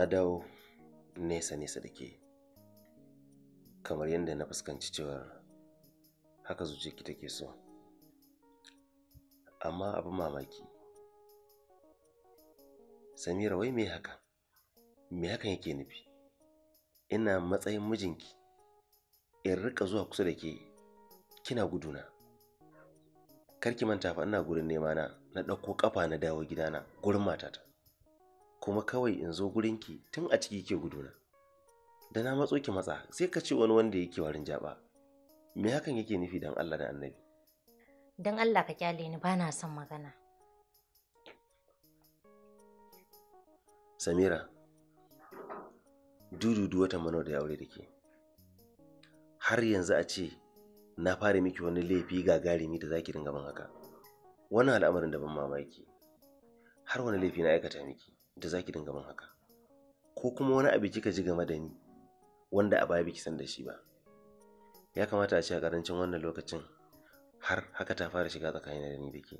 na dawo nesa nesa da ke kamar yadda na fuskanci cewa haka ki take so amma abin mamaki samira wai me haka me hakan yake nufi ina matsayin mijinki in rika zuwa kusa da ke kina guduna karki manta fa ina gurin nema na na ɗauko ƙafa na dawo gidana gurin matata kuma kawai in zo gurinki tun a ciki ke guduna da na matso ki matsa sai ka ce wani wanda yake warin jaba me hakan yake nufi dan Allah da annabi dan Allah ka kyale ni bana son magana Samira dududu wata mano da aure dake har yanzu a ce na fara miki wani laifi gagarumi da zaki dinga min haka wannan al'amarin da ban mamaki har wani laifi na aikata miki da ki dinga min haka ko kuma wani abu kika ji game da ni wanda a baya biki san da shi ba ya kamata a ce a karancin wannan lokacin har haka ta fara shiga tsakanin da ni da ke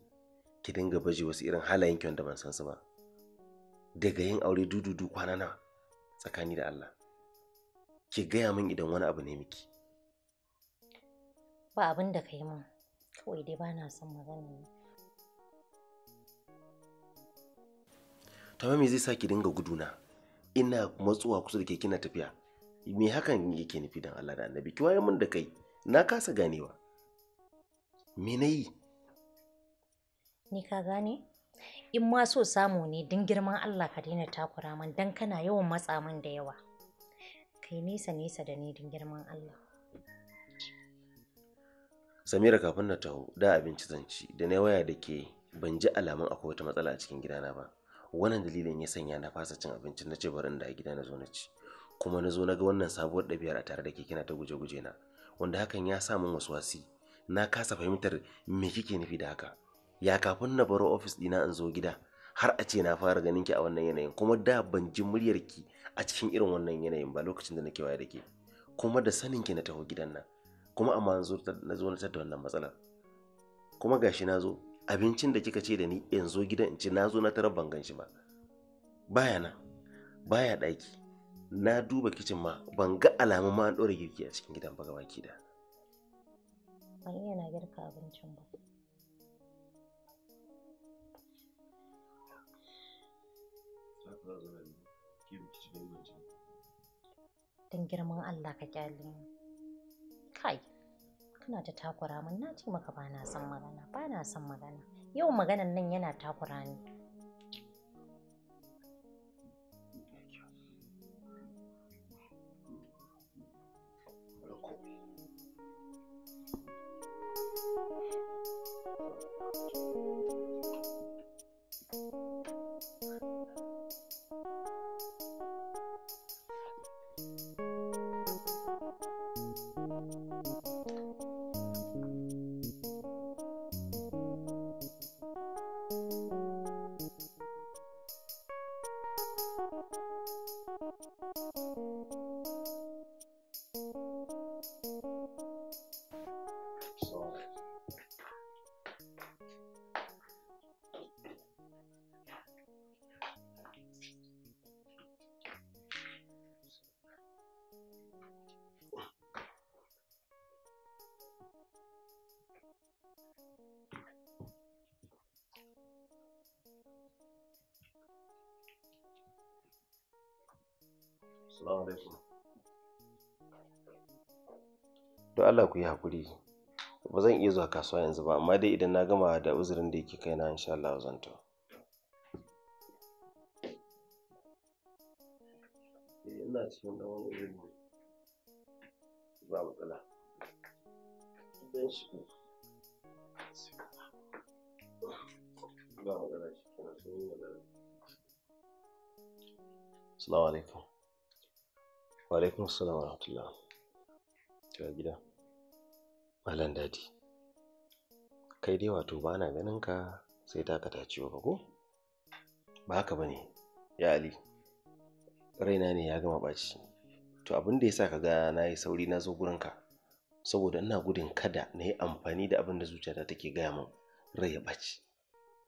ki dinga baje wasu irin halayen ki wanda ban san su ba daga yin aure dududu kwana na tsakani da Allah ki gaya min idan wani abu ne miki ba abin da ka yi min kawai dai ba na son magana ne ta me zai sa ki dinga guduna ina matsuwa kusa da ke kina tafiya me hakan yake nufi dan Allah da annabi ki waye mun da kai na kasa ganewa me na yi ni ka gane in ma so samu ne din girman Allah ka daina takura man dan kana yawan matsa man da yawa kai nesa nesa da ni din girman Allah Samira kafin na taho da abinci zan ci da na waya da ke ban ji alamun akwai wata matsala a cikin gidana ba wannan dalilin ya sanya na fasa cin abincin na ce barin da a gida na zo na ci kuma na zo na ga wannan sabuwar ɗabi'ar a tare da ke kina ta guje-guje na wanda hakan ya sa min wasi, na kasa fahimtar me kike nufi da haka ya kafin na baro ofis dina in zo gida har a ce na fara ganin ki a wannan yanayin kuma da ban ji muryar ki a cikin irin wannan yanayin ba lokacin da nake waye da ke kuma da sanin ki na taho gidan nan kuma amma na zo na tattauna wannan matsalar kuma gashi na zo abincin da kika ce da ni in zo gidan in ci na zo na tarar ban shi ba baya na baya ɗaki na duba kicin ma ban ga alamun ma an ɗora girki a cikin gidan ba gaba da ban iya na girka abincin ba girman Allah ka kyale kai kana ta takura min na ce maka ba na son magana ba na son magana yau maganan nan yana takura ni Thank you. Assalamu alaikum. Don Allah ku yi haƙuri. Ba zan iya zuwa kasuwa yanzu ba, amma dai idan na gama da uzurin da yake kaina insha Allah zan to. Eh, ina cikin ɗan wani uzuri. Ba matsala. Don shi Ba matsala shi kenan sun yi magana. Assalamu alaikum. alaikum salam wa rahmatullah ta gida malam dadi kai dai wato ba na ganin ka sai ta ta ciwo ba ko ba haka ba ne ya ali raina ne ya gama ɓaci to abin da ya sa ka ga na yi sauri na zo ka saboda ina gudun kada na yi amfani da abin da zuciyata take gaya min rai ya ɓaci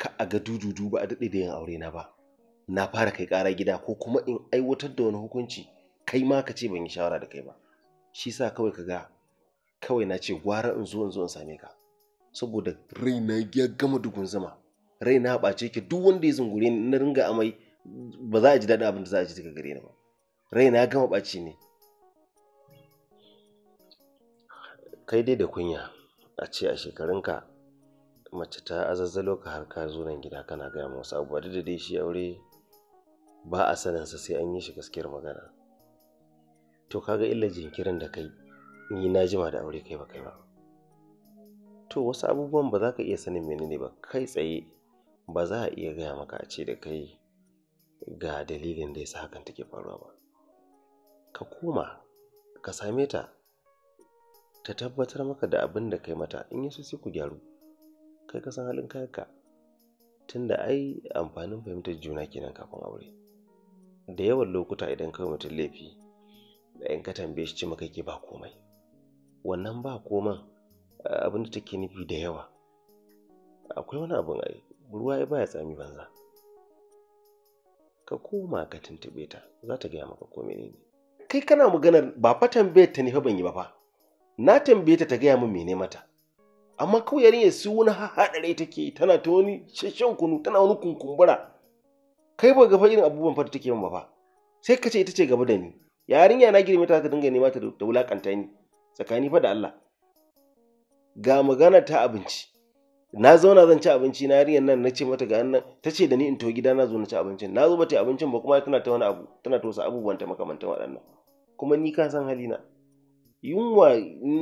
ka a ga dududu ba a daɗe da yin aure na ba na fara kai ƙara gida ko kuma in aiwatar da wani hukunci kai ma ka ce ban yi shawara da kai ba shi sa kawai ka ga kawai na ce gwara in zo in zo in same ka saboda raina ya gama dugun zama raina ya ɓace ki duk wanda ya zungure ni na ringa amai ba za a ji daɗin abin da za a ji daga gare ni ba raina ya gama ɓace ne kai dai da kunya a ce a shekarunka mace ta azazzalo ka har ka zo nan gida kana gaya wasu abubuwa da dai shi aure ba a saninsa sai an yi shi gaskiyar magana to kaga illar jinkirin da kai ni na jima da aure kai ba kai ba to wasu abubuwan ba za ka iya sanin menene ba kai tsaye ba za a iya gaya maka a ce da kai ga dalilin da ya yasa hakan take faruwa ba ka koma ka same ta ta tabbatar maka da abin da kai mata in yaso sai ku gyaru kai ka san halin kayanka tunda ai amfanin fahimtar juna kenan kafin aure da yawan lokuta idan kawai mutum laifi in ka tambaye shi ce maka ke ba komai wannan ba koman eh, abinda take nufi da yawa akwai wani abin ai ruwa ya baya tsami banza ka koma ka tuntube ta za ta gaya maka komai ne kai kana maganar ba fa tambayar ta ne fa ban yi ba fa na tambaye ta ta gaya min mene mata amma kawai yarinya su wani haɗare take tana ta wani shashen kunu tana wani kunkumbura kai ba ga fa irin abubuwan fa take min ba fa sai ka ce ita ce gaba da ni yarinya na girme ta ka dinga nema ta da wulakanta ni tsakani fa da Allah ga magana ta abinci na zauna zan ci abinci na yarinyar nan na ce mata ga nan ta ce da ni in to gida na zo na ci abincin na zo ta abincin ba kuma tana ta wani abu tana ta wasu abubuwan ta makamantan waɗannan kuma ni ka san halina yunwa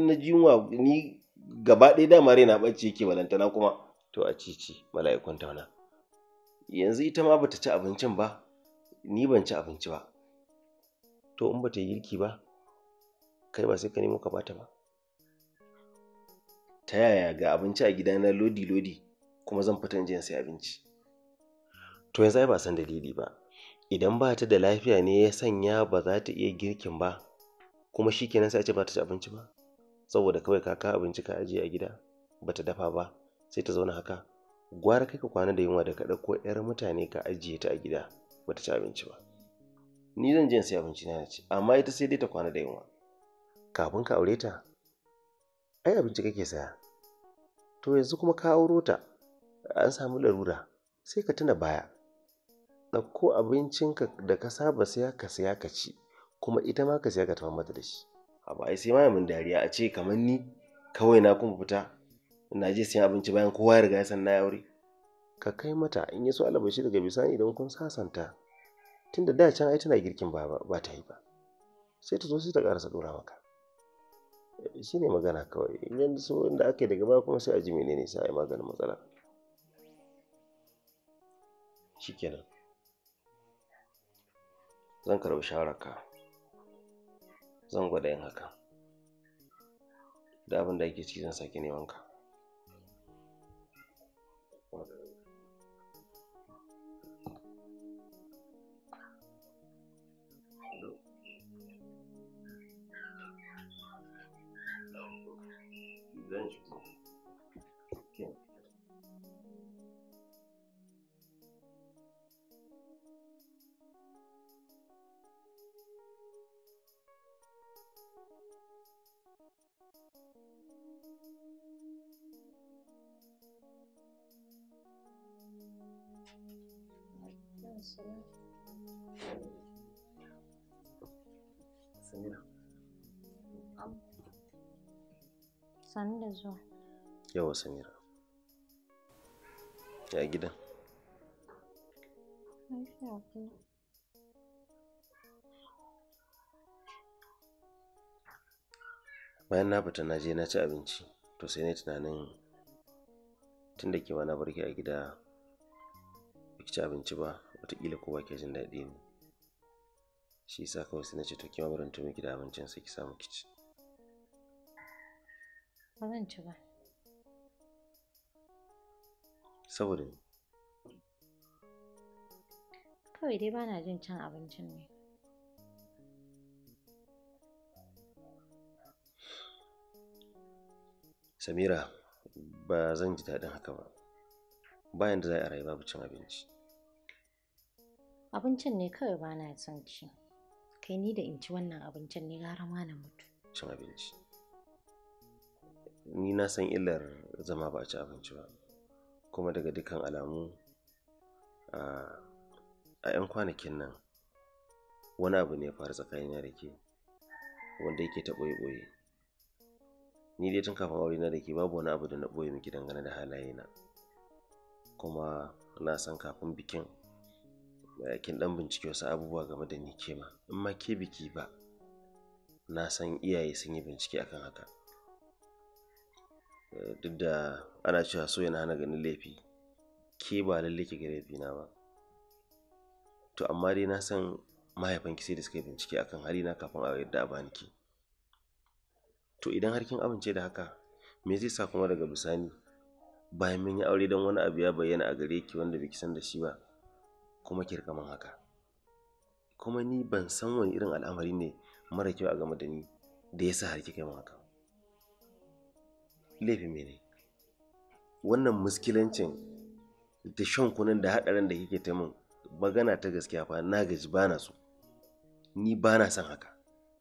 na ji yunwa ni gaba ɗaya dama na ɓace yake balantana kuma to a cici mala'ikun tauna yanzu ita ma bata ci abincin ba ni ban ci abinci ba to in ba ta yi girki ba kai ba sai ka nemo ka bata ba ta yaya ga abinci a gida na lodi lodi kuma zan fita in sai abinci to yanzu ai ba san dalili ba idan ba ta da lafiya ne ya sanya ba za ta iya girkin ba kuma shi kenan sai a ce ba ta ci abinci ba saboda kawai ka kawo abinci ka ajiye a gida ba ta dafa ba sai ta zauna haka gwara kai ka kwana da yunwa da ka ko 'yar mutane ka ajiye ta a gida ba ta ci abinci ba ni zan je in sai abinci na ci amma ita sai dai ta kwana da yunwa kafin ka aure ta ai abinci kake saya to yanzu kuma ka auro ta an samu larura sai ka tuna baya ɗauko abincinka da ka saba saya ka saya ka ci kuma ita ma ka saya ka tafi mata da shi abu ai sai ma mun dariya a ce kamar ni kawai na kuma fita na je sayan abinci bayan kowa ya riga ya san na aure ka kai mata in ya so alabashi daga bisani idan kun sasanta Tun da can ai tana girkin ba ba ta yi ba sai ta zo sai ta karasa dora maka eh, shi ne magana kawai idan yanzu so inda aka yi daga baya kuma sai a ji menene sai a yi maganin matsala shikenan zan karɓi shawararka zan gwada yin haka da abin da ake cikin zan sake neman ka Samira. Sani da zuwa. Ya gida. Bayan na fita na je na ci abinci, to sai na tunanin tunda da ke na barki a gida ba ci abinci ba wataƙila kowa ke jin daɗi ne shi sa kawai sai na ce to kima barin to miki da abincin sai ki samu kici ba zan ci ba saboda ni kawai dai bana jin cin abincin ne samira ba zan ji daɗin haka ba bayan da za a rayu babu cin abinci abincin ne kawai ba na son ci kai ni da in ci wannan abincin ne gara ma na mutu cin abinci ni na san illar zama ba a ci abinci ba kuma daga dukkan alamu a 'yan kwanakin nan wani abu ne ya faru tsakanina da ke wanda yake ta ɓoye-ɓoye ni dai tun kafin aure na da ke babu wani abu da na ɓoye miki dangane da halayena kuma na san kafin bikin Eh, kin dan bincike wasu abubuwa game da ni ke ma in ma ke biki ba na san iyaye sun yi bincike akan haka eh, duk da ana cewa so yana hana ganin laifi ke ba lalle ki ga laifi na ba to amma dai na san ki sai da suka yi bincike akan hali na kafin a yadda a ki to idan har kin amince da haka me zai sa kuma daga bisani bayan mun yi aure don wani abu ya bayyana a gare ki wanda biki san da shi ba kuma ki haka kuma ni ban san wani irin al'amari ne mara kyau a game da ni da yasa har kika mun haka laifi me ne wannan muskilancin da shan da haɗarin da kike ta min magana ta gaskiya fa na gaji bana so ni bana son haka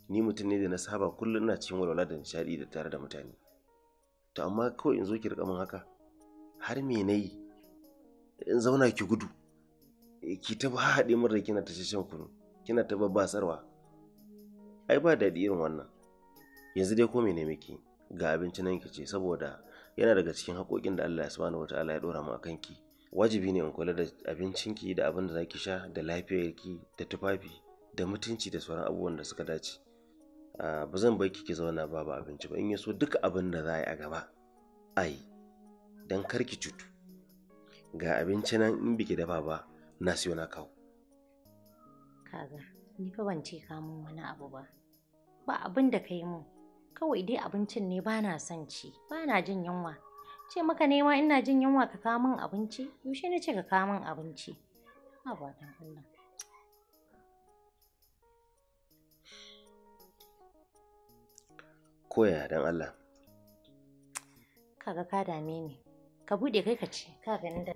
ni mutum ne da na saba kullum na cikin walwala da nishadi da tare da mutane to amma kawai in zo ki rika haka har me yi in zauna ki gudu Eh, ki ta ba haɗe min rai kina ta shan kunu kina ta basarwa? ai ba daɗi irin wannan yanzu dai ko mene miki ga abinci nan ce saboda yana daga cikin haƙoƙin da Allah ya subhanahu wataala ya ɗora mu a ki wajibi ne in kula da abincinki da abin da zaki sha da lafiyarki da tufafi da mutunci da sauran abubuwan da suka dace ah, ba zan bar ki ki zauna ba abinci ba in ya so duka abin da za a yi a gaba ayi dan don kar ki cutu ga abinci nan in biki dafa ba na siyo na kawo kaga ni fa ban ce ka mun wani abu ba ba abin da ka yi mun kawai dai abincin ne ba na son ci ba na jin yunwa ce maka nema ina jin yunwa ka kawo min abinci yaushe na ce ka kawo min abinci ba ba dan Allah koya dan Allah kaga ka dame ni ka bude kai ka ci ka gani da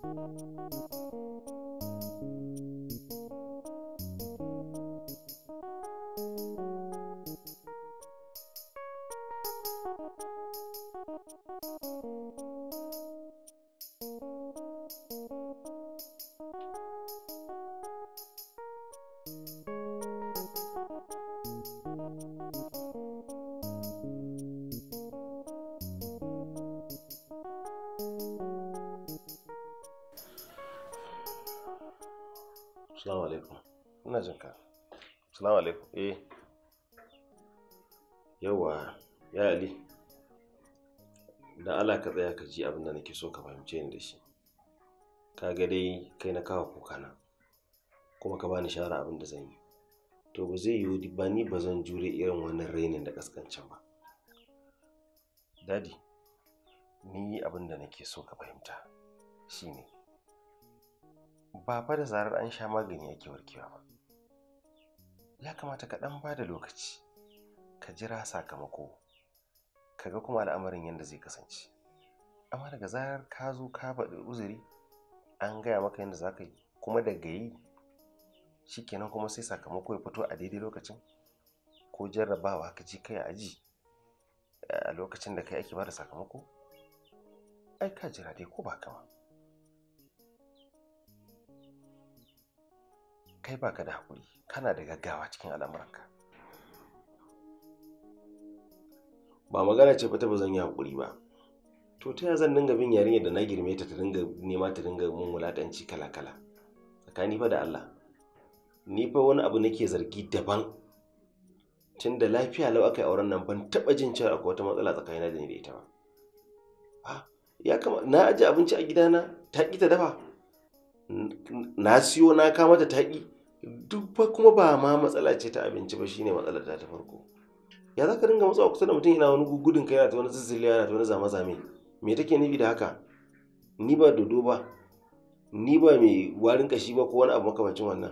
Assalamu alaikum. Ina jin ka. Assalamu alaikum. Eh. Yawa, ya Ali. Da Allah ka tsaya ka ji abin da nake so ka fahimce ni da shi. Ka ga dai kai na kawo na, Kuma ka bani shara abin da zan yi. To ba zai yi ba ni ba zan jure irin wannan rainin da kaskancin ba. Dadi, ni abin da nake so ka fahimta shine ba fa da zarar an sha magani yake warkewa ba ya kamata ka ɗan ba lokaci ka jira sakamako ka ga kuma al'amarin yadda zai kasance amma daga zarar ka zo ka faɗi uzuri an gaya maka yadda za ka yi kuma daga yi shi shikenan kuma sai sakamako ya fito a daidai lokacin ko jarrabawa ka ji kai aji a lokacin da kai ake ba da sakamako ai ka jira dai ko ba kama kai ba ka da haƙuri kana da gaggawa cikin al'amuranka ba magana ce ta ba zan yi haƙuri ba to ta yaya zan dinga bin yarinya da na girme ta ta dinga nema ta dinga mun wulatanci kala kala tsakani fa da Allah ni fa wani abu nake zargi daban tun da lafiya lau aka yi auren nan ban taɓa jin cewa akwai wata matsala tsakanina da ni da ita ba ah, na ajiye abinci a gidana ta ƙi ta dafa na siyo na kama ta taƙi duk ba kuma ba ma matsala ce ta abinci ba ne matsalar ta ta farko ya za ka dinga matsawa kusa da mutum yana wani gudun kai da ta wani zizziliya yana ta wani zame-zame me take nufi da haka ni ba dodo ba ni ba mai warin kashi ba ko wani abu makamancin wannan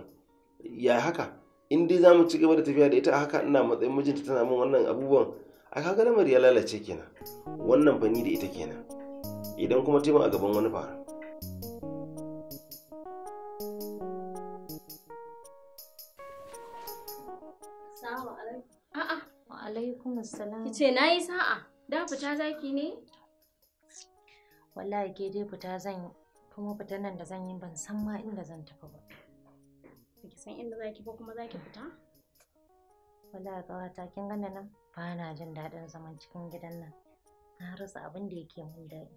ya haka in dai za mu ci gaba da tafiya da ita haka ina matsayin mijinta tana min wannan abubuwan a kaga lamar ya lalace kenan wannan fani da ita kenan idan kuma taimaka a gaban wani fara salam. Kice na yi sa'a, da fita zaki ne? Wallahi ke dai fita zan yi, kuma fita nan da zan yi ban san ma inda zan tafi ba. Ki san inda zaki ba kuma zaki fita? Wallahi ƙawata kin gane nan ba na jin daɗin zaman cikin gidan nan. Na rasa abin da yake min daɗi.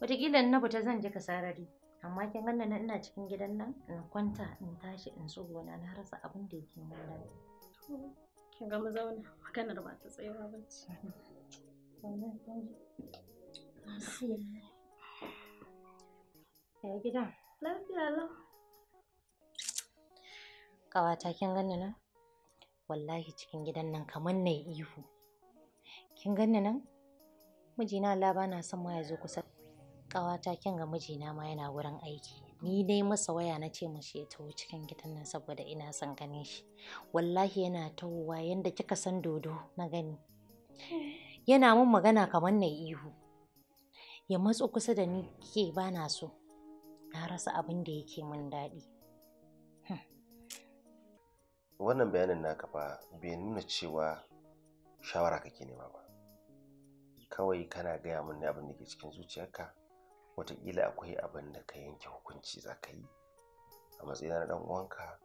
Wataƙila na fita zan je ka sarari. Amma kin gane nan ina cikin gidan nan in kwanta in tashi in tsugona na rasa abin da yake min daɗi. ga mu maganar ba ta tsayawa ba ce ya gida lafiya lau kin gani nan wallahi cikin gidan nan kamar na ihu kin gani nan mijina laba na son ma ya zo kusa ƙawata kin ga mijina ma yana wurin aiki ni dai masa waya na ce mashi ya taho cikin gidan nan saboda ina son ganin shi wallahi yana tahowa yanda kika san dodo na gani yana mun magana kamar na ihu ya matso kusa da ni ke bana so na rasa abin da yake min daɗi hmm. wannan bayanin naka fa bai nuna cewa shawara kake nema ba kawai kana gaya min abin da ke cikin zuciyarka wataƙila akwai abin da ka yanke hukunci za ka yi a matsayin na ɗan uwanka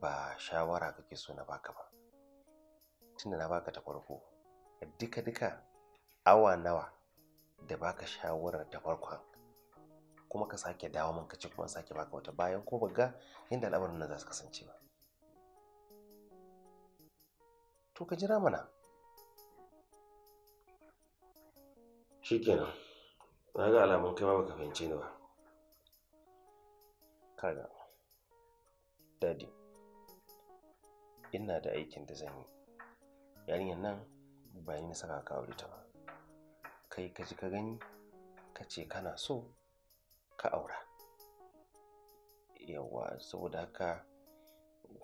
ba shawara kake so na baka ba tunda na baka ta farko duka duka awa nawa da baka shawarar ta farkon kuma ka sake dawo min ka ci kuma sake baka wata bayan ko ga inda al'amarin nan za su kasance ba to ka jira mana shikenan na ga alamun kai ba baka fahimce ni ba kaga dadi ina da aikin da zan yi yarinyar nan ba ni na saka ka aure ta ba kai ka ji ka gani ka ce kana so ka aura yawa saboda haka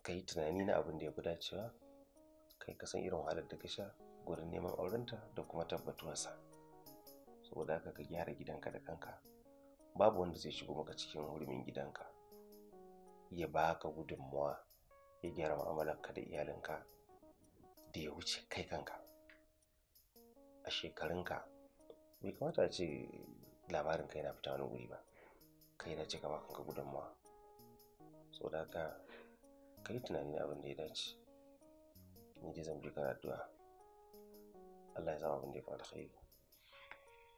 ka yi tunani na abin da ya fi dacewa kai ka san irin wahalar da ka sha gurin neman aurenta da kuma tabbatuwarsa saboda haka ka gyara gidanka da kanka babu wanda zai shigo maka cikin hurumin gidanka ya ba baka gudunmuwa ya gyara ka da iyalinka da ya wuce kai kanka a shekarunka bai kamata a ce labarin kai na fita wani wuri ba kai na cika ba kanka gudunmuwa saboda haka ka yi tunanin abin da ya dace ni ji zan je addu'a Allah ya zama abin da ya fi yi.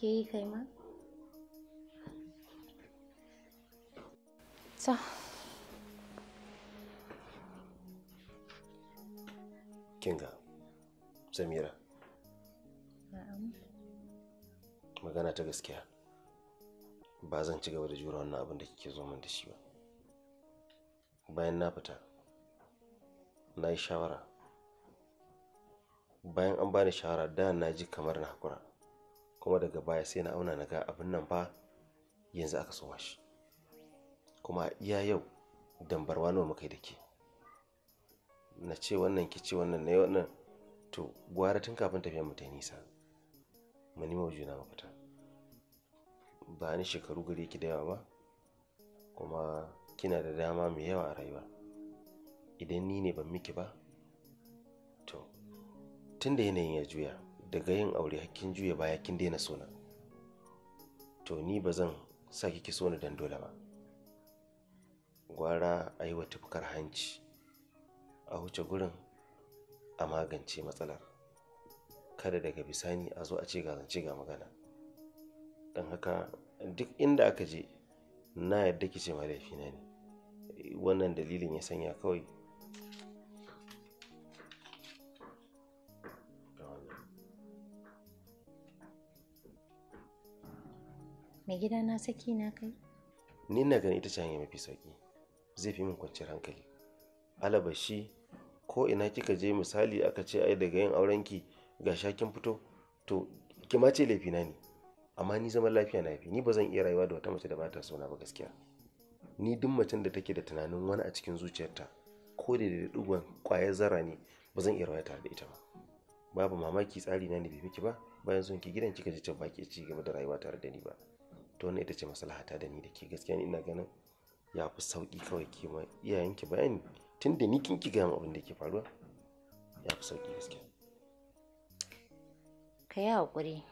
kake yi kai ma? Kinga, Samira. Magana ta gaskiya. Ba zan ci gaba da jura wannan abin da kike zo min da shi ba. Bayan na fita, na yi shawara. Bayan an bani shawara da na ji kamar na hakura. kuma daga baya sai na auna na ga abin nan ba yanzu aka soma shi kuma iya yau dambarwa nawa muka yi da ke na ce wannan ki ce wannan na wannan to gwara tun kafin tafiya mu ta nisa mu nima juna mafita ba ni shekaru gari ki da yawa ba kuma kina da dama mai yawa a rayuwa idan ni ne ban miki ba to tun da yanayin ya juya daga yin aure hakkin juya baya kin daina sona to ni ba zan sa kiki so na dan dole ba gwara a yi wa tufkar hanci a wuce gurin a magance matsalar kada daga bisani a zo a ce ga zance ga magana don haka duk inda aka je na yadda kice ma laifina ne wannan dalilin ya sanya kawai mai gida na saki na kai ni ina ganin ita ce hanyar mafi sauki zai fi min kwanciyar hankali alaba shi ko ina kika je misali aka ce ai daga yin aurenki ga shakin fito to ki ma ce laifi na ne amma ni zaman lafiya na fi ni ba zan iya rayuwa da wata mace da ba ta sona ba gaskiya ni duk macen da take da tunanin wani a cikin zuciyarta ko da da dugon kwayar zara ne ba zan iya rayuwa tare da ita ba babu mamaki tsari na ne bai miki ba bayan zuwan ki gidan kika je can ba ki ci gaba da rayuwa tare da ni ba to wannan ita ce maslahata da ni da ke gaskiya ni ina ganin ya fi sauƙi kawai ke ma iyayenki bayani tun da ni kin ki gaya abin da ke faruwa ya fi sauƙi gaskiya ka yi haƙuri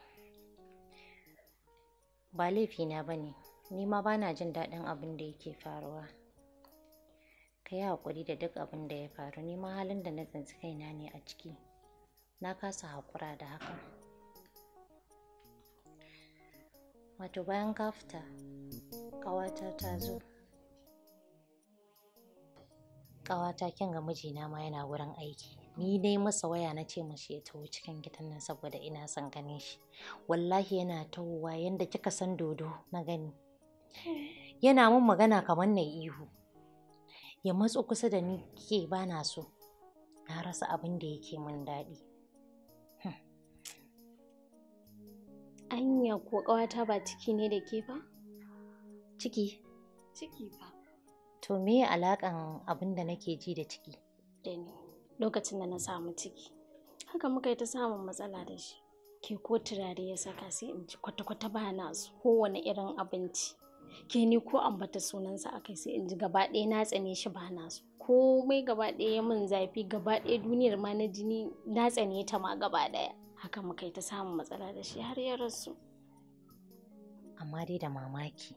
ba laifina ba ne ni ma ba na jin daɗin abin da yake faruwa ka yi haƙuri da duk abin da ya faru ni ma halin da na tsinci kaina ne a ciki na kasa haƙura da hakan wato bayan ka fita ƙawata ta zo ƙawata kin ga mijina ma yana wurin aiki ni dai masa waya na ce mashi ya taho cikin gidan nan saboda ina son ganin shi wallahi yana tahowa yanda kika san dodo na gani yana mun magana kamar na ihu ya matso kusa da ni ke bana so na rasa abin da yake min daɗi Anya ko ƙawata ba ciki ne da ke ba? Ciki. Ciki ba. To me alaƙan abin da nake ji da ciki? Da lokacin da na samu ciki. Haka muka yi ta samun matsala da shi. Ke ko turare ya saka sai in ji kwata-kwata ba na su kowane irin abinci. Ke ni ko ambata sunansa a kai sai in ji gaba ɗaya na tsane shi ba na su. Komai gaba ɗaya ya min zafi gaba ɗaya duniyar ma na jini na tsane ta ma gaba ɗaya. haka muka yi ta samun matsala da shi har ya rasu amma dai da mamaki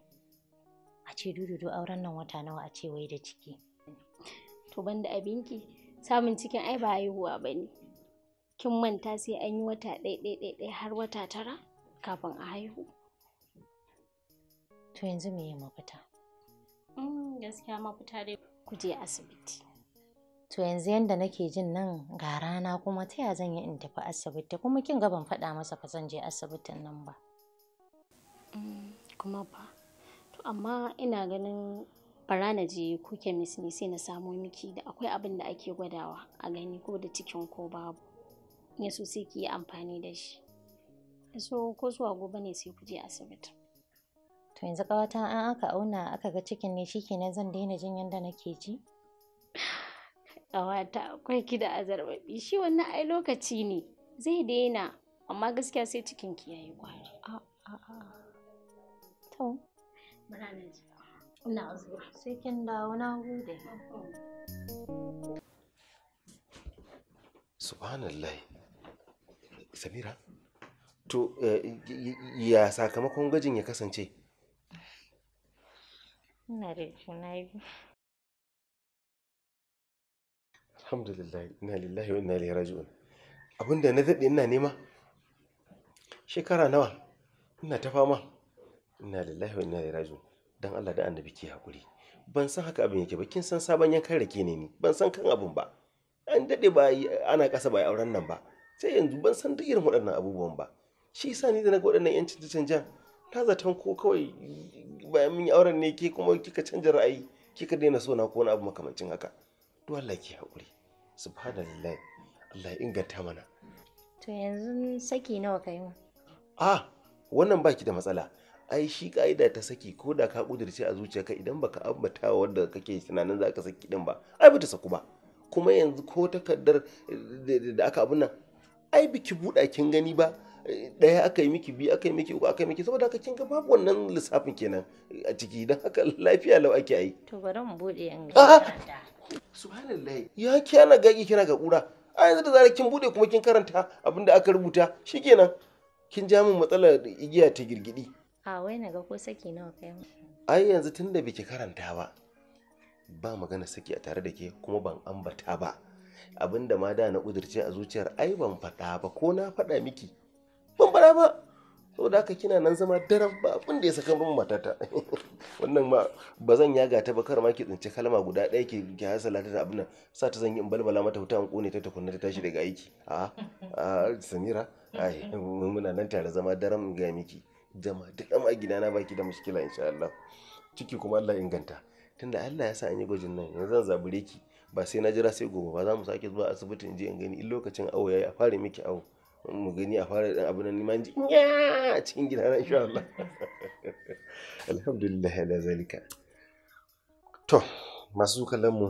a ce dududu auren nan wata nawa a ce wai da ciki to banda abinki samun cikin ai ba haihuwa ba ne kin manta sai an yi wata ɗaya har wata tara kafin a haihu to yanzu me yi mafita mm, gaskiya mafita dai ku je asibiti to yanzu yanda nake jin nan ga rana kuma ta ya zan yi in tafi asibiti kuma kin ga ban faɗa masa fa zan je asibitin nan ba mm, kuma ba to amma ina ganin bara na je ko kemis ne sai na samo miki da akwai abin da ake gwadawa a gani ko da cikin ko babu ya so sai ki yi amfani da shi so ko zuwa gobe ne sai ku je asibiti to yanzu kawata an aka auna aka ga cikin ne shikenan zan daina jin yanda nake ji kawata akwai kida a zarbabi shi wannan ai lokaci ne zai daina amma gaskiya sai cikin ki yayi kwari to muna nan ina zuwa sai kin dawo na gode subhanallah samira to eh, ya sakamakon gwajin ya kasance ina da juna biyu alhamdulillah ina lillahi wa ina ilaihi raji'un abinda na daɗe ina nema shekara nawa ina ta fama ina lillahi wa ina ilaihi raji'un dan Allah da annabi ke hakuri ban san haka abin yake ba kin san sabon yankan rake ne ni ban san kan abin ba an daɗe ba ana ƙasa ba auren nan ba sai yanzu ban san duk irin waɗannan abubuwan ba shi yasa ni da na ga waɗannan yan canje canja ta zaton ko kawai bayan mun yi auren ne ke kuma kika canja ra'ayi kika daina so na ko wani abu makamancin haka to Allah haƙuri subhanallah Allah ya inganta mana to yanzu saki nawa ka yi ah wannan baki da matsala ai shi ka'ida ta saki ko da ka kudirce a zuciyarka idan baka ambata wanda kake tunanin za ka saki din ba ai bata saku ba kuma yanzu ko takardar eh, da aka abun nan ai biki buɗa kin gani ba ɗaya aka yi miki biyu aka yi miki uku aka yi miki saboda haka kin ga babu wannan lissafin kenan a ciki don haka lafiya lau ake yi to bari mu buɗe in ga subhanallah ya kyana gaki kina ga kura a yanzu da zarar kin bude kuma kin karanta abin da aka rubuta shikenan kin ja min matsalar igiya ta girgidi a wai na ga ko saki nawa kai ai yanzu tunda biki karanta ba ba magana saki a tare da ke kuma ban ambata ba abinda ma da na kudirce a zuciyar ai ban faɗa ba ko na faɗa miki ban faɗa ba saboda haka kina nan zama daren ba abin da ya saka min matata wannan ma ba zan yaga ta ba kar ma ki tsinci kalma guda ɗaya ke ki hasala da abin nan sa ta zan yi in balbala mata wuta in kone ta ta tukunna ta tashi daga aiki a a Samira ai muna nan tare zama daren ga miki jama duk amma gida na baki da mushkila insha Allah ciki kuma Allah inganta tunda Allah ya sa an yi gwajin nan yanzu zan zabure ki ba sai na jira sai gobe ba za mu sake zuwa asibiti in je in gani in lokacin awo yayi a fara miki awo mu gani a fara dan abin nan ji a cikin gida na insha Allah alhamdulillah ala zalika to masu kallon mu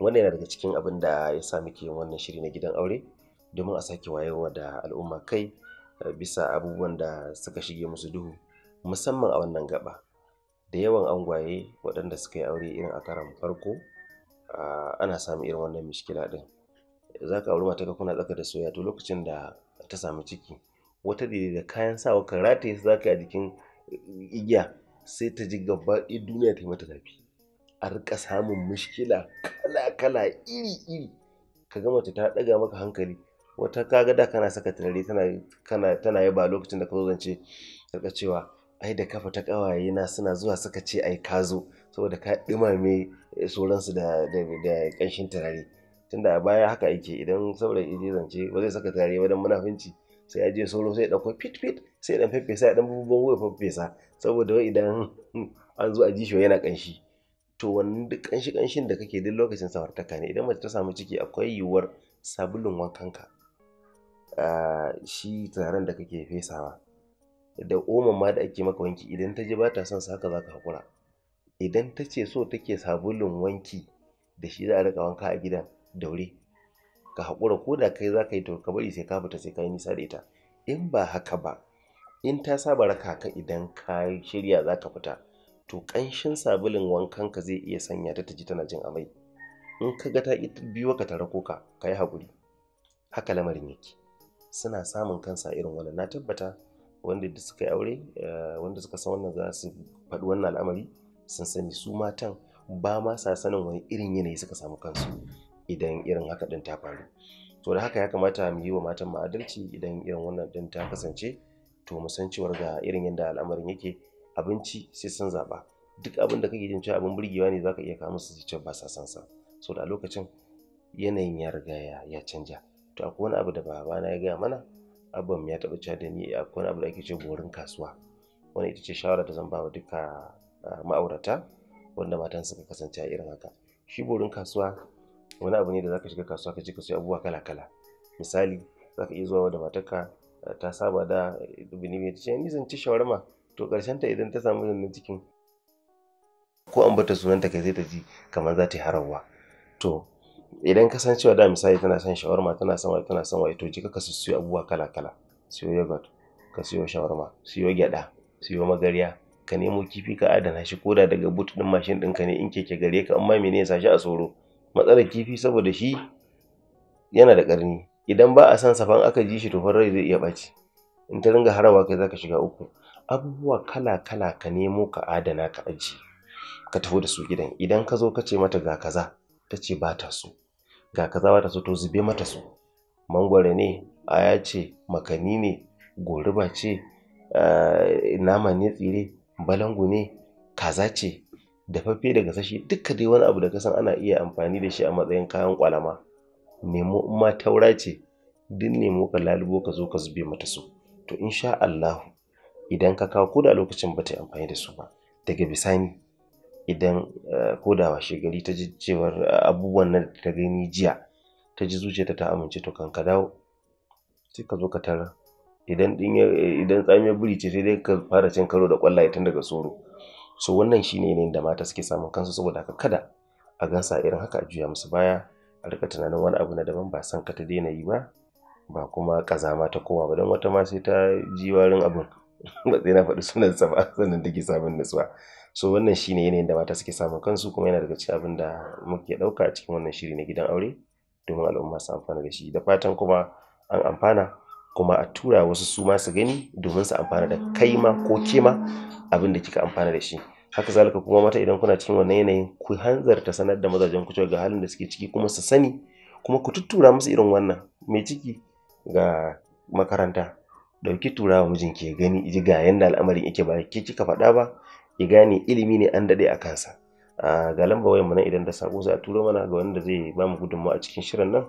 wannan yana daga cikin abin da ya sa muke wannan shiri na gidan aure domin a sake wayarwa da al'umma kai eh, bisa abubuwan da suka shige musu duhu musamman a wannan gaba da yawan angwaye waɗanda suka yi aure irin a karan farko ah, ana samun irin wannan mishkila ɗin za ka auri ga kuna tsaka da soya to lokacin da ta samu ciki wata daidai da kayan sawa ka rataye su za ka a jikin eh, igiya sai ta ji gaba ɗin duniya ta yi mata zafi a rika samun mushkila kala-kala iri-iri ka ga mace ta ɗaga maka hankali wata kaga da kana saka turare tana tana yaba lokacin da ka zo zance ka cewa ai da kafa ta kawaye na suna zuwa suka ce ai ka zo saboda ka ɗumame sauransu da da ƙanshin turare tunda a baya haka yake idan saboda ya zance ba zai saka tare ba dan munafinci sai ya je solo sai ya dauko fit fit sai dan feffesa dan bubban waya feffesa saboda wai idan an zo a ji shi yana kanshi to wannan duk kanshi kanshin da kake duk lokacin samartaka ne idan mace ta samu ciki akwai yiwuwar sabulun wankanka shi turaren da kake fesawa da oman ma da ake maka wanki idan ta ji ba ta son sa haka za ka haƙura idan ta ce so take sabulun wanki da shi za a rika wanka a gidan daure ka haƙura ko da kai za ka yi to ka bari sai ka fita sai ka yi nisa da ita in ba haka ba in ta saba raka ka idan ka shirya za ka fita to ƙanshin sabulin wankan ka zai iya sanya ta ta ji tana jin amai in ka ga ta biyo ka tare ko ka ka yi haƙuri haka lamarin yake suna samun kansa irin wannan na tabbata wanda da suka yi aure eh, wanda suka san wannan za su faɗi wannan al'amari sun sani su matan ba ma sa sanin wani irin yanayi suka samu kansu idan irin haka ɗin ta faru to da haka ya kamata mu yi wa matan mu adalci idan irin wannan din ta kasance to mu san cewar ga irin yadda al'amarin yake abinci sai san zaɓa. duk abin da kake jin cewa abin burgewa ne zaka iya kawo musu su ce ba sa san sa so da lokacin yanayin ya riga ya canja to akwai wani abu da babana ya gaya mana abban ya taɓa cewa da ni akwai wani abu da ake ce gorin kasuwa wani ita ce shawara da zan ba wa duka ah, ma'aurata wanda matan suka kasance a irin haka shi borin kasuwa wani abu ne da zaka shiga kasuwa ka je ka sayi abubuwa kala kala misali zaka iya zuwa da matarka eh, ta saba da eh, bini ta tace ni zan ci shawarma to karshen ta idan ta samu wannan cikin ko an bata sunan ta kai zai ta ji kamar za ta yi harawa to idan ka san cewa da misali tana son shawarma tana son tana son wai to jika ka siyo abubuwa kala kala siyo yogurt ka siyo shawarma siyo gyada siyo magarya ka nemo kifi ka adana shi koda daga but din mashin ɗinka ne in keke gare ka amma mene ya sashi a tsoro matsalar kifi saboda shi yana da ƙarni idan ba a san safan aka ji shi to rai zai iya ɓaci in ta ringa harawa kai zaka shiga uku abubuwa kala kala ka nemo ka adana ka aji ka tafi da su gidan idan ka zo ka ce mata ga kaza ta ce ba ta so ga kaza ba ta so to zube mata su mangwara ne aya ce makani ne Goruba ce eh, nama ne tsire balangu ne kaza ce dafaffe da gasashe duka dai wani abu da kasan ana iya amfani da shi a matsayin kayan kwalama nemo in ma taura ce duk nemo ka lalubo ka zo ka zube mata su to insha Allah idan ka kawo koda lokacin ba ta amfani da su ba daga bisani idan eh, koda washe gari ta ji cewar eh, abubuwan nan ta gani jiya ta ji zuciyarta ta amince to kan ka dawo sai ka zo ka tara. idan din eh, idan tsamiyar biri ce sai dai ka fara cin karo da kwallaye tun daga soro so wannan shine ne da mata suke samun kansu saboda haka kada a gansa irin haka a juya musu baya a rika tunanin wani abu na daban ba san ka ta daina yi ba ba kuma kazama ta kowa ba don wata ma sai ta ji warin abin ba sai na faɗi sunan ba sannan take samun nutsuwa so wannan shine yanayin da mata suke samun kansu kuma yana daga cikin abin da muke ɗauka a cikin wannan shiri na gidan aure domin al'umma su amfana da shi da fatan kuma an amfana kuma a tura wasu su ma su gani domin su amfana da kai ma ko ke ma abin da kika amfana da shi haka zalika kuma mata idan kuna cikin wannan yanayin ku hanzarta sanar da mazajen ku ga halin da suke ciki kuma su sani kuma ku tuttura musu irin wannan mai ciki ga makaranta dauki tura wa mijinki ya gani ji ga yanda al'amarin yake ba ke kika faɗa ba ya gane ilimi ne an daɗe a kansa A ga lamba wayan nan idan da sako sai a turo mana ga wanda zai ba mu gudunmawa a cikin shirin nan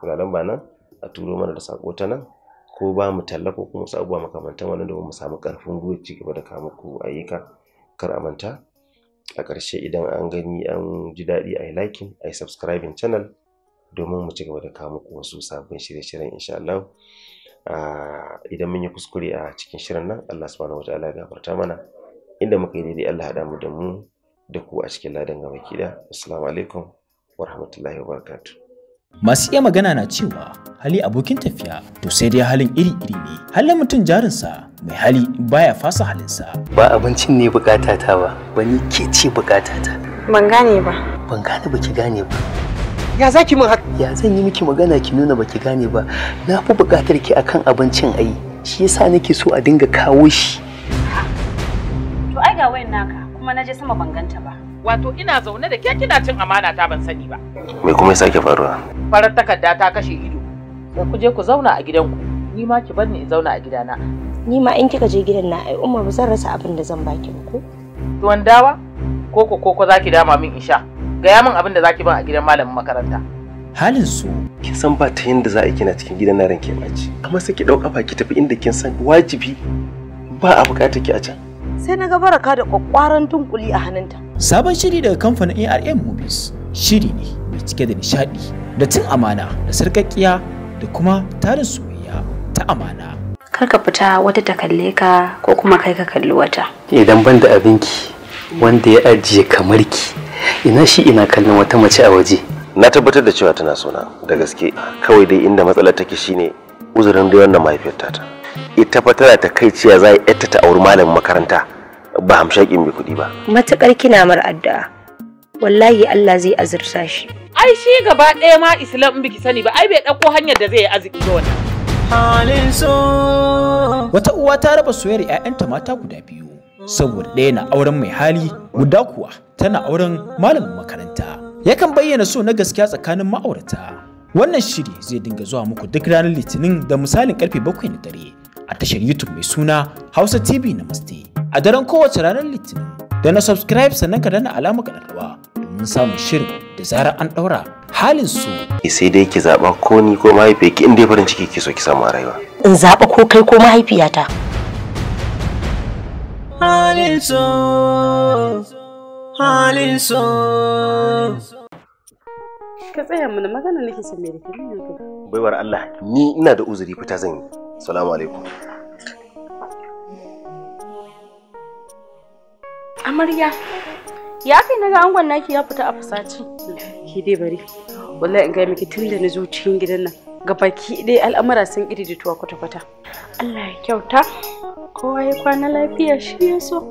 ga lamba nan a turo mana da sako ta nan ko ba mu talla ko kuma wasu abubuwa makamantan wannan domin mu samu ƙarfin gwiwa ci gaba da kawo muku ayyuka kar a manta a ƙarshe idan an gani an ji daɗi a yi laikin, a yi subscribing channel domin mu ci gaba da kawo muku wasu sabbin shirye-shiryen insha Allah idan mun yi kuskure a cikin shirin nan Allah subhanahu ta'ala ya gafarta mana inda muka yi daidai Allah haɗa mu da mu da ku a cikin ladan gaba ki da assalamu alaikum wa rahmatullahi wa barakatuh Masu iya magana na cewa hali abokin tafiya to sai dai halin iri-iri ne. Halin mutum jarinsa mai hali baya fasa halinsa. Ba abincin ne bukata ta ba, wani ke ce bukata ta. Ban gane ba. Ban gane ba ki gane ba. Ya za ki min haka? Ya zan yi miki magana ki nuna ba ki gane ba. Na fi bukatar ki akan abincin ai. Shi yasa nake so a dinga kawo shi. To ai ga wayan naka kuma na je sama ban ganta ba. Wato ina zaune da ke kina cin amana ta ban sani ba. Me kuma ya sake faruwa? Farar takarda ta kashe ido. Sai ku je ku zauna a gidanku. Ni ma ki barni in zauna a gidana. Ni ma in kika je gidan na ai Umma ba zan rasa abin da zan baki ba ko? Tuwon dawa? Koko koko ki dama min in sha. Gaya min abin da zaki ban a gidan malamin makaranta. halin su kin san ba ta yadda za a kina cikin gidan na ranke baci kuma sai ki dau ba ki tafi inda kin san wajibi ba a bukatar ki a can sai na ga baraka da kwakwaran tunkuli a hannunta Sabon shiri daga kamfanin ARM Movies shiri ne mai cike da nishaɗi da cin amana da sarƙaƙiya da kuma tarin soyayya ta amana. Kar ka fita wata ta kalle ka ko kuma kai ka kalli wata. Idan ban da abinki wanda ya ajiye kamar ki ina shi ina kallon wata mace a waje. Na tabbatar da cewa tana suna da gaske kawai dai inda matsalar take shine uzurin da wannan mahaifiyar ta. Ita fa tana ta kai ciya za a ta auri malamin makaranta. ba hamshakin mai kuɗi ba matukar kina mar addu'a wallahi Allah zai azurta shi ai shi gaba ɗaya ma islam biki sani ba ai bai ɗauko hanyar da zai yi arziki ga wannan halin so wata uwa ta raba soyayyar 'ya'yanta mata guda biyu saboda ɗaya na auren mai hali guda kuwa tana auren malamin makaranta yakan bayyana so na gaskiya tsakanin ma'aurata wannan shiri zai dinga zuwa muku duk ranar litinin da misalin karfe bakwai na dare a tashar YouTube mai suna Hausa TV na Namaste. A daren kowace ranar Litinin, da na subscribe sannan ka dana alamar kaɗarwa domin samun shirin da zarar an ɗaura halin su. Eh, sai dai ki zaɓa ko ni ko mahaifiyarki in dai farin ciki ki so ki samu a rayuwa. In zaɓa ko kai ko mahaifiyata. Halin so, halin so. Ka tsaya mana magana nake son mai rike ne ka. Baiwar Allah, ni ina da uzuri fita zan yi. Assalamu alaikum. Amarya, ya kai na ga angon naki ya fita a fusaci. Ki dai bari. Wallahi in ga miki tun da na zo cikin gidan nan. Ga baki dai al'amura sun iridituwa kwata-kwata. Allah ya kyauta. Kowa ya kwana lafiya shi ya so.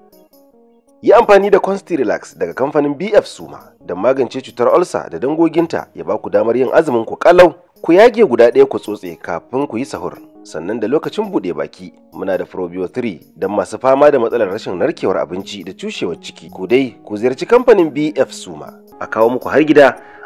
Yi amfani da Consti Relax daga kamfanin BF Suma don magance cutar olsa da dangoginta ya ba ku damar yin azumin ku kalau. Ku yage guda ɗaya ku tsotse kafin ku yi sahur. Sannan da lokacin buɗe baki muna da Probio 3 don masu fama da matsalar rashin narkewar abinci da cushewar ciki. Ku dai ku ziyarci kamfanin BF Suma a kawo muku har gida